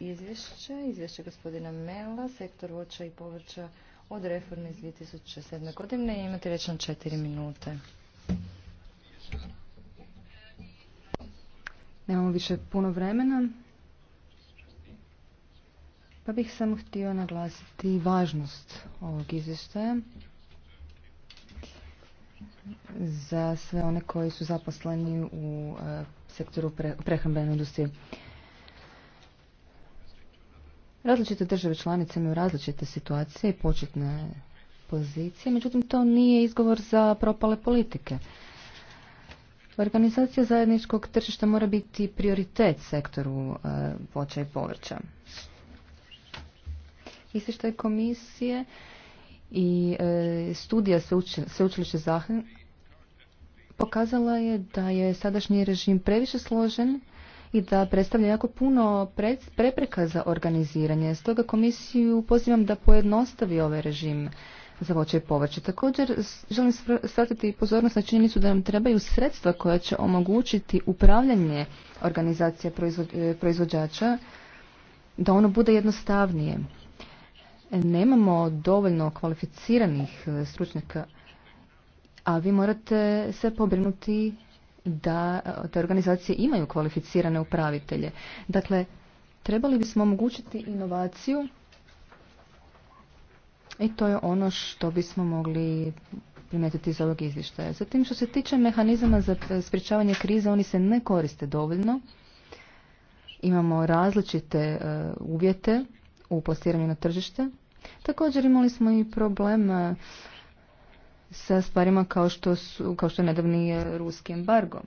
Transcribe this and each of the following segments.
izvješće, izvješće gospodina Mela, sektor voća i povrća od reforme iz 2007. godine i imate već na četiri minute. Nemamo više puno vremena. Pa bih samo htio naglasiti važnost ovog izvještaja za sve one koji su zaposleni u e, sektoru prehrambene industrije. Različite države članice imaju različite situacije i početne pozicije, međutim to nije izgovor za propale politike. Organizacija zajedničkog tržišta mora biti prioritet sektoru e, voća i povrća. je komisije i e, studija sveučilišta Zahen pokazala je da je sadašnji režim previše složen i da predstavlja jako puno prepreka za organiziranje. Stoga komisiju pozivam da pojednostavi ovaj režim za voće i povrće. Također želim svratiti pozornost na činjenicu da nam trebaju sredstva koja će omogućiti upravljanje organizacija e, proizvođača da ono bude jednostavnije. Nemamo dovoljno kvalificiranih e, stručnjaka, a vi morate se pobrinuti da e, te organizacije imaju kvalificirane upravitelje. Dakle, trebali bismo omogućiti inovaciju i to je ono što bismo mogli primetiti iz ovog izvještaja. Zatim što se tiče mehanizama za e, sprječavanje krize, oni se ne koriste dovoljno. Imamo različite e, uvjete u postiranju na tržište. Također imali smo i problem sa stvarima kao što su, kao što je nedavni e, ruski embargo.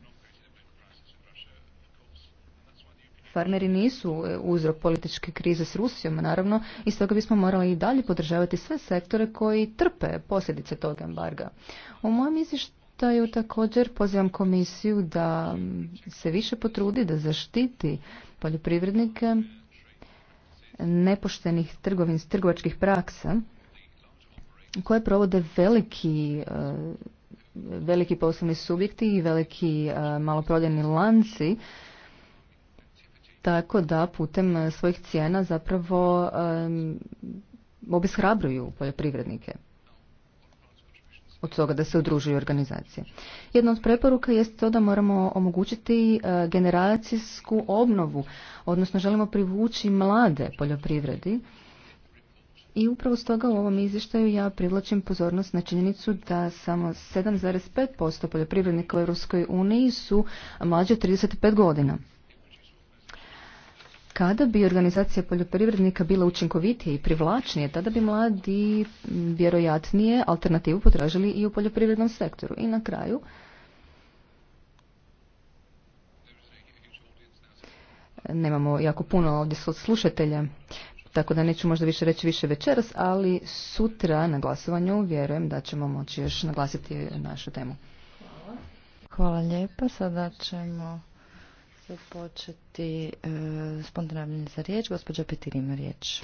Farmeri nisu e, uzrok političke krize s Rusijom, naravno, i stoga bismo morali i dalje podržavati sve sektore koji trpe posljedice tog embarga. U mojem izvještaju također pozivam komisiju da se više potrudi da zaštiti poljoprivrednike nepoštenih trgovačkih praksa koje provode veliki eh, veliki poslovni subjekti i veliki eh, maloprodajni lanci tako da putem svojih cijena zapravo eh, obeshrabruju poljoprivrednike od toga da se udružuju organizacije. Jedna od preporuka jest to da moramo omogućiti generacijsku obnovu, odnosno želimo privući mlade poljoprivredi i upravo stoga u ovom izvještaju ja privlačim pozornost na činjenicu da samo 7,5% poljoprivrednika u Europskoj uniji su mlađe od 35 godina. Kada bi organizacija poljoprivrednika bila učinkovitije i privlačnije, tada bi mladi vjerojatnije alternativu potražili i u poljoprivrednom sektoru. I na kraju, nemamo jako puno ovdje slušatelja, tako da neću možda više reći više večeras, ali sutra na glasovanju vjerujem da ćemo moći još naglasiti našu temu. Hvala, Hvala lijepa. Sada ćemo početi e, spontanavljanje za riječ. Gospođa Petir ima riječ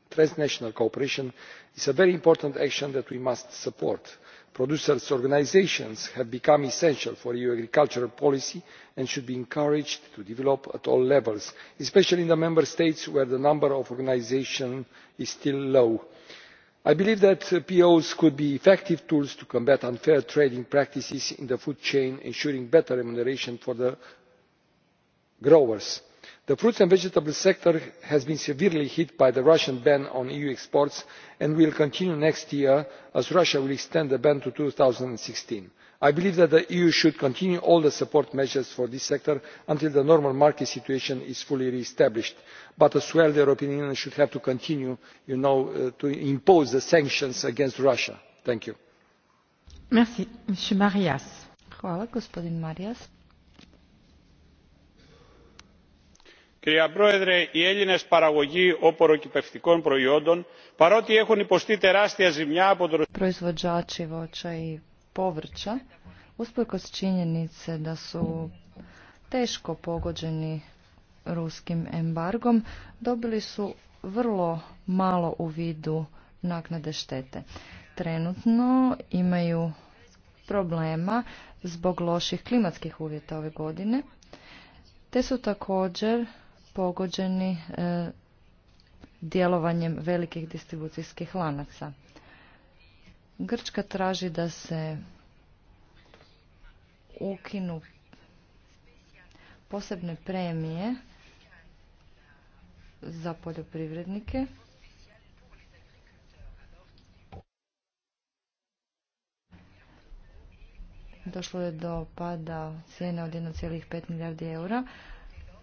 transnational cooperation is a very important action that we must support. producers' organisations have become essential for eu agricultural policy and should be encouraged to develop at all levels especially in the member states where the number of organisations is still low. i believe that pos could be effective tools to combat unfair trading practices in the food chain ensuring better remuneration for the growers the fruit and vegetable sector has been severely hit by the russian ban on eu exports and will continue next year as russia will extend the ban to. two sixteen i believe that the eu should continue all the support measures for this sector until the normal market situation is fully re established but as well the european union should have to continue uh, to impose sanctions against russia. κυρία Proizvođači voća i povrća usprkos činjenice da su teško pogođeni ruskim embargom dobili su vrlo malo u vidu naknade štete. Trenutno imaju problema zbog loših klimatskih uvjeta ove godine, te su također pogođeni e, djelovanjem velikih distribucijskih lanaca. Grčka traži da se ukinu posebne premije za poljoprivrednike. Došlo je do pada cijene od 1,5 milijardi eura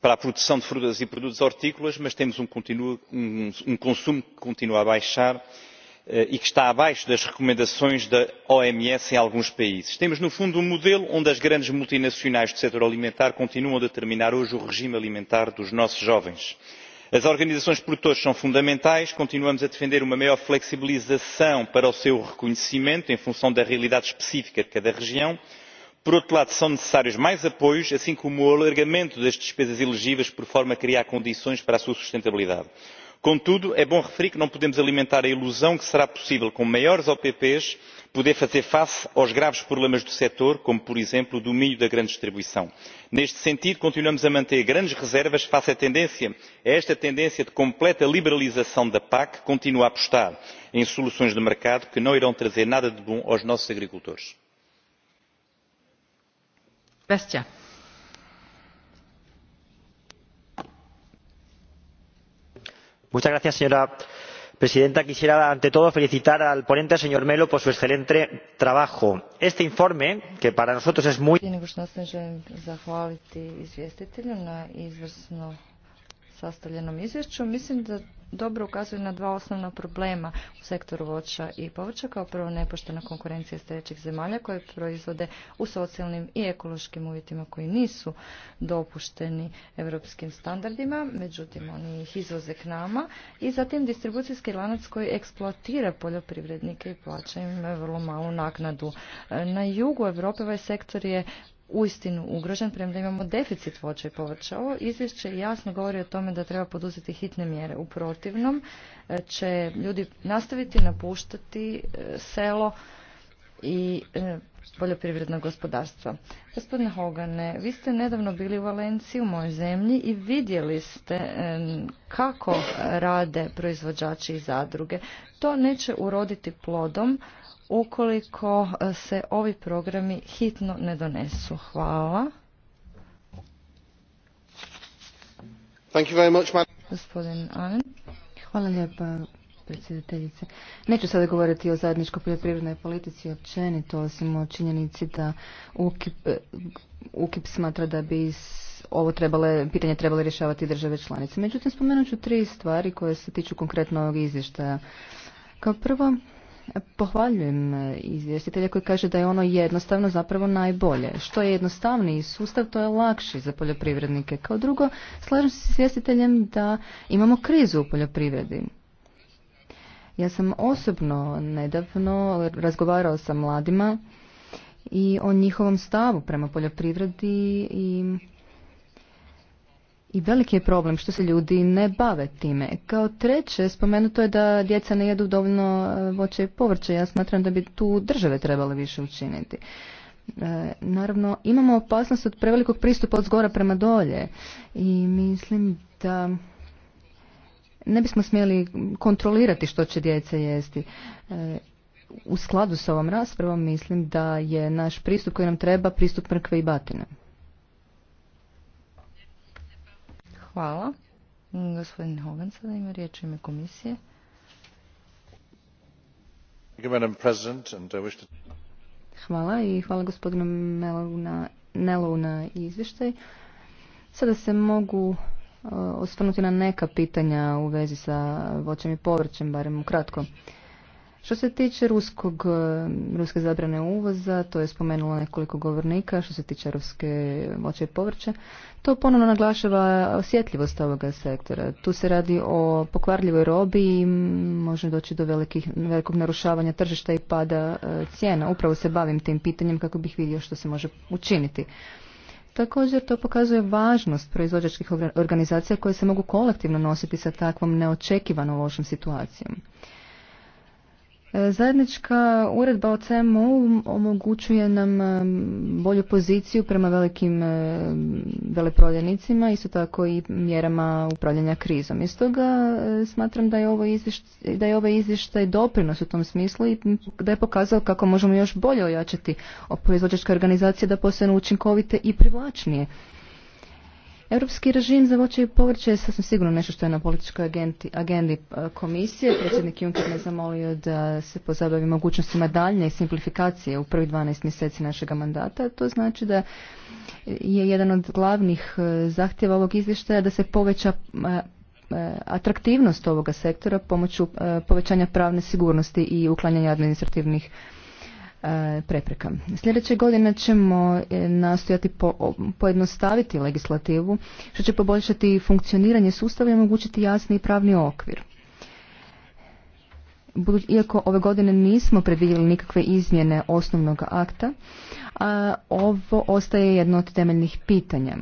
para a produção de frutas e produtos hortícolas mas temos um, um, um consumo que continua a baixar eh, e que está abaixo das recomendações da oms em alguns países. temos no fundo um modelo onde as grandes multinacionais do setor alimentar continuam a determinar hoje o regime alimentar dos nossos jovens. as organizações de produtores são fundamentais continuamos a defender uma maior flexibilização para o seu reconhecimento em função da realidade específica de cada região por outro lado são necessários mais apoios assim como o alargamento das despesas elegíveis por forma a criar condições para a sua sustentabilidade. contudo é bom referir que não podemos alimentar a ilusão de que será possível com maiores opp poder fazer face aos graves problemas do setor como por exemplo o domínio da grande distribuição. neste sentido continuamos a manter grandes reservas face a esta tendência de completa liberalização da pac que continua a apostar em soluções de mercado que não irão trazer nada de bom aos nossos agricultores. Bestia. Gracias, señora presidenta quisiera ante todo felicitar al ponente señor melo por su excelente trabajo. este informe que para nosotros es muy. prije sastavljenom izvješću mislim da dobro ukazuje na dva osnovna problema u sektoru voća i povrća, kao prvo nepoštena konkurencija iz zemalja koje proizvode u socijalnim i ekološkim uvjetima koji nisu dopušteni europskim standardima, međutim oni ih izvoze k nama i zatim distribucijski lanac koji eksploatira poljoprivrednike i plaća im vrlo malu naknadu. Na jugu Europe ovaj sektor je uistinu ugrožen, premda imamo deficit voća i povrća. Ovo izvješće jasno govori o tome da treba poduzeti hitne mjere. U protivnom e, će ljudi nastaviti napuštati e, selo i e, poljoprivredno gospodarstvo. Gospodine Hogane, vi ste nedavno bili u Valenciji, u mojoj zemlji, i vidjeli ste kako rade proizvođači i zadruge. To neće uroditi plodom ukoliko e, se ovi programi hitno ne donesu. Hvala. Hvala lijepa predsjedateljice. Neću sada govoriti o zajedničkoj poljoprivrednoj politici općenito, osim o činjenici da UKIP, e, UKIP smatra da bi ovo trebale, pitanje trebale rješavati države članice. Međutim, spomenut ću tri stvari koje se tiču konkretno ovog izvještaja. Kao prvo, Pohvaljujem e, izvjestitelja koji kaže da je ono jednostavno zapravo najbolje. Što je jednostavniji sustav, to je lakši za poljoprivrednike. Kao drugo, slažem se s izvjestiteljem da imamo krizu u poljoprivredi. Ja sam osobno nedavno razgovarao sa mladima i o njihovom stavu prema poljoprivredi i i veliki je problem što se ljudi ne bave time. Kao treće, spomenuto je da djeca ne jedu dovoljno e, voće i povrće. Ja smatram da bi tu države trebale više učiniti. E, naravno, imamo opasnost od prevelikog pristupa od zgora prema dolje i mislim da ne bismo smjeli kontrolirati što će djeca jesti. E, u skladu sa ovom raspravom mislim da je naš pristup koji nam treba pristup mrkve i batine. Hvala. Gospodin Hogan sada ima riječ ime komisije. Hvala i hvala gospodinu Nelovu na, izvještaj. Sada se mogu e, osvrnuti na neka pitanja u vezi sa voćem i povrćem, barem ukratko. Što se tiče ruskog, eh, ruske zabrane uvoza, to je spomenulo nekoliko govornika, što se tiče ruske voće i povrće, to ponovno naglašava osjetljivost ovoga sektora. Tu se radi o pokvarljivoj robi i može doći do velikih, velikog narušavanja tržišta i pada eh, cijena. Upravo se bavim tim pitanjem kako bih vidio što se može učiniti. Također to pokazuje važnost proizvođačkih organizacija koje se mogu kolektivno nositi sa takvom neočekivano lošom situacijom. Zajednička uredba o CMO omogućuje nam bolju poziciju prema velikim veleprodajnicima, isto tako i mjerama upravljanja krizom. Iz toga smatram da je, ovo da je ovaj izvještaj doprinos u tom smislu i da je pokazao kako možemo još bolje ojačati proizvođačke organizacije da postanu učinkovite i privlačnije Europski režim za voće i povrće je sasvim sigurno nešto što je na političkoj agendi, agendi komisije. Predsjednik Juncker me zamolio da se pozabavi mogućnostima daljnje simplifikacije u prvih 12 mjeseci našega mandata. To znači da je jedan od glavnih e, zahtjeva ovog izvještaja da se poveća e, e, atraktivnost ovoga sektora pomoću povećanja pravne sigurnosti i uklanjanja administrativnih E, prepreka. Sljedeće godine ćemo e, nastojati pojednostaviti legislativu što će poboljšati funkcioniranje sustava i omogućiti jasni pravni okvir. Iako ove godine nismo predvidjeli nikakve izmjene osnovnog akta, a ovo ostaje jedno od temeljnih pitanja.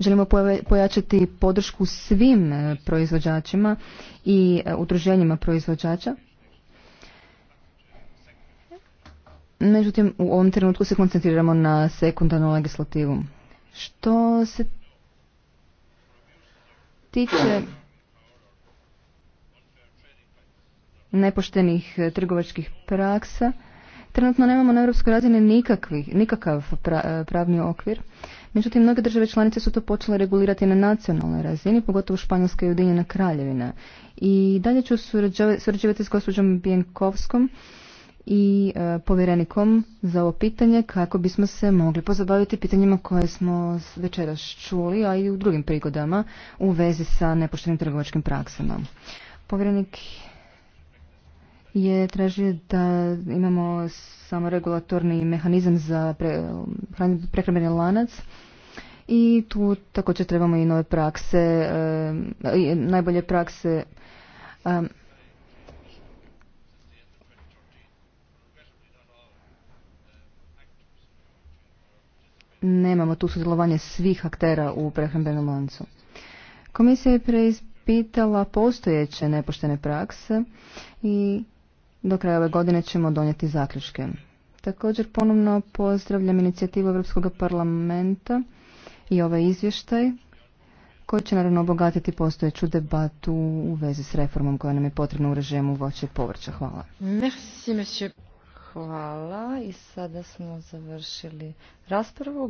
Želimo pojačati podršku svim e, proizvođačima i udruženjima proizvođača Međutim, u ovom trenutku se koncentriramo na sekundarnu legislativu. Što se tiče nepoštenih trgovačkih praksa, trenutno nemamo na europskoj razini nikakav pravni okvir. Međutim, mnoge države članice su to počele regulirati na nacionalnoj razini, pogotovo Španjolska i Ujedinjena kraljevina. I dalje ću surađivati s gospođom Bijenkovskom i e, povjerenikom za ovo pitanje kako bismo se mogli pozabaviti pitanjima koje smo večeras čuli, a i u drugim prigodama u vezi sa nepoštenim trgovačkim praksama. Povjerenik je tražio da imamo samo regulatorni mehanizam za pre, um, prehrambeni lanac i tu također trebamo i nove prakse, e, najbolje prakse nemamo tu sudjelovanje svih aktera u prehrambenom lancu. Komisija je preispitala postojeće nepoštene prakse i do kraja ove godine ćemo donijeti zaključke. Također ponovno pozdravljam inicijativu Europskog parlamenta i ovaj izvještaj koji će naravno obogatiti postojeću debatu u vezi s reformom koja nam je potrebna u režimu voća i povrća. Hvala. Merci, Hvala i sada smo završili raspravu.